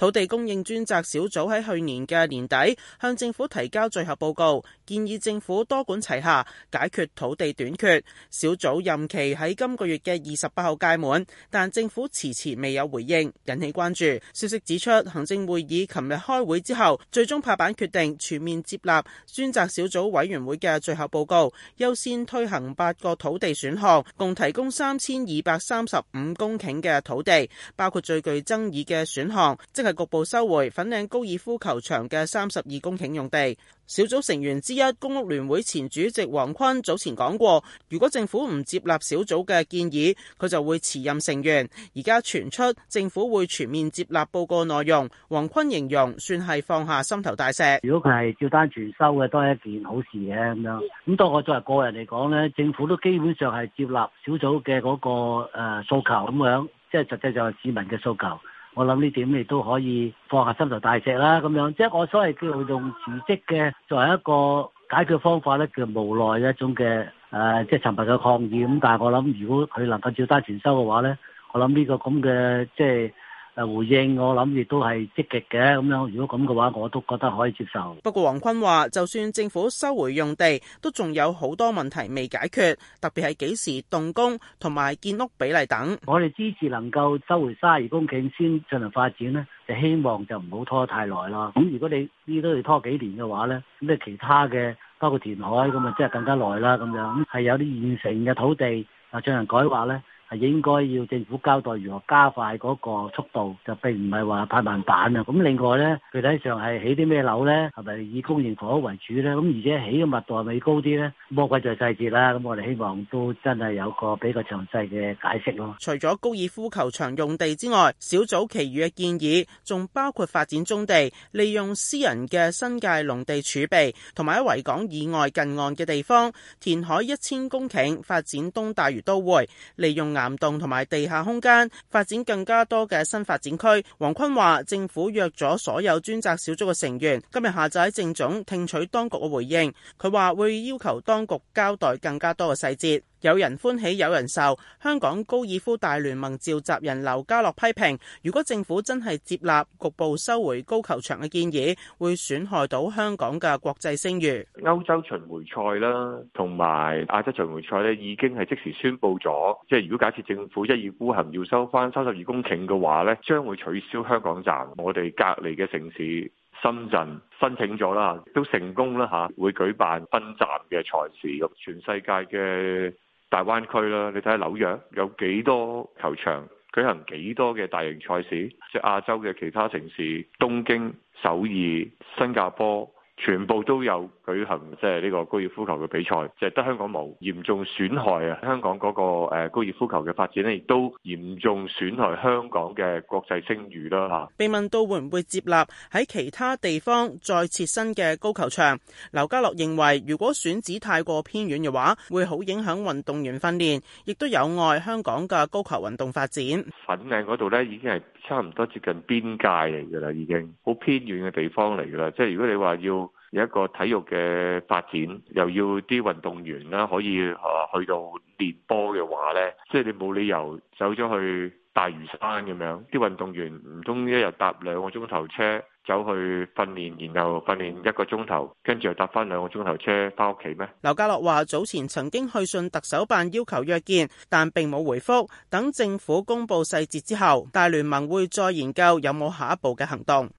土地供應專責小組喺去年嘅年底向政府提交最後報告，建議政府多管齊下解決土地短缺。小組任期喺今個月嘅二十八號屆滿，但政府遲遲未有回應引起關注。消息指出，行政會議琴日開會之後最終拍板決定全面接納專責小組委員會嘅最後報告，優先推行八個土地選項，共提供三千二百三十五公頃嘅土地，包括最具爭議嘅選項，即係局部收回粉嶺高爾夫球場嘅三十二公頃用地。小組成員之一公屋聯會前主席王坤早前講過，如果政府唔接納小組嘅建議，佢就會辭任成員。而家傳出政府會全面接納報告內容，王坤形容算係放下心頭大石。如果佢係照單全收嘅，都係一件好事嘅，咁樣。咁當我作為個人嚟講咧，政府都基本上係接納小組嘅嗰個誒訴求咁樣，即係實際就係、是、市民嘅訴求。我諗呢點你都可以放下心頭大石啦，咁樣即係我所謂叫用辭職嘅作為一個解決方法咧，叫無奈一種嘅誒、呃，即係沉默嘅抗議。咁但係我諗，如果佢能夠照單全收嘅話咧，我諗呢個咁嘅即係。誒，回應我諗亦都係積極嘅，咁樣如果咁嘅話，我都覺得可以接受。不過黃坤話，就算政府收回用地，都仲有好多問題未解決，特別係幾時動工同埋建屋比例等。我哋支持能夠收回卅二公頃先進行發展呢，就希望就唔好拖太耐啦。咁如果你呢都要拖幾年嘅話呢，咁你其他嘅，包括填海咁啊，即係更加耐啦咁樣。係有啲現成嘅土地啊，進行改劃呢。係應該要政府交代如何加快嗰個速度，就並唔係話拍慢板啊。咁另外呢，具體上係起啲咩樓呢？係咪以公營房屋為主呢？咁而且起嘅密度係咪高啲呢？魔鬼在細節啦。咁我哋希望都真係有個比較詳細嘅解釋咯。除咗高爾夫球場用地之外，小組其餘嘅建議仲包括發展棕地，利用私人嘅新界農地儲備，同埋喺維港以外近岸嘅地方填海一千公頃，發展東大嶼都會，利用，岩洞同埋地下空間發展更加多嘅新發展區。黃坤話：政府約咗所有專責小組嘅成員，今日下晝喺政總聽取當局嘅回應。佢話會要求當局交代更加多嘅細節。有人歡喜有人愁。香港高爾夫大聯盟召集人劉家樂批評，如果政府真係接納局部收回高球場嘅建議，會損害到香港嘅國際聲譽。歐洲巡迴賽啦，同埋亞洲巡迴賽呢已經係即時宣布咗。即係如果假設政府一意孤行要收返三十二公頃嘅話呢，將會取消香港站。我哋隔籬嘅城市深圳申請咗啦，都成功啦吓，會舉辦分站嘅賽事，全世界嘅。大灣區啦，你睇下紐約有幾多球場舉行幾多嘅大型賽事，即亞洲嘅其他城市，東京、首爾、新加坡。全部都有舉行即係呢個高爾夫球嘅比賽，就係得香港冇，嚴重損害啊香港嗰個高爾夫球嘅發展咧，亦都嚴重損害香港嘅國際聲譽啦嚇。被問到會唔會接納喺其他地方再設新嘅高球場，劉家樂認為如果選址太過偏遠嘅話，會好影響運動員訓練，亦都有礙香港嘅高球運動發展。粉嶺嗰度呢已經係。差唔多接近邊界嚟噶啦，已經好偏遠嘅地方嚟噶啦，即係如果你話要。有一個體育嘅發展，又要啲運動員啦，可以啊，去到練波嘅話呢，即係你冇理由走咗去大嶼山咁樣，啲運動員唔通一日搭兩個鐘頭車走去訓練，然後訓練一個鐘頭，跟住又搭翻兩個鐘頭車翻屋企咩？劉家樂話：早前曾經去信特首辦要求約見，但並冇回覆。等政府公布細節之後，大聯盟會再研究有冇下一步嘅行動。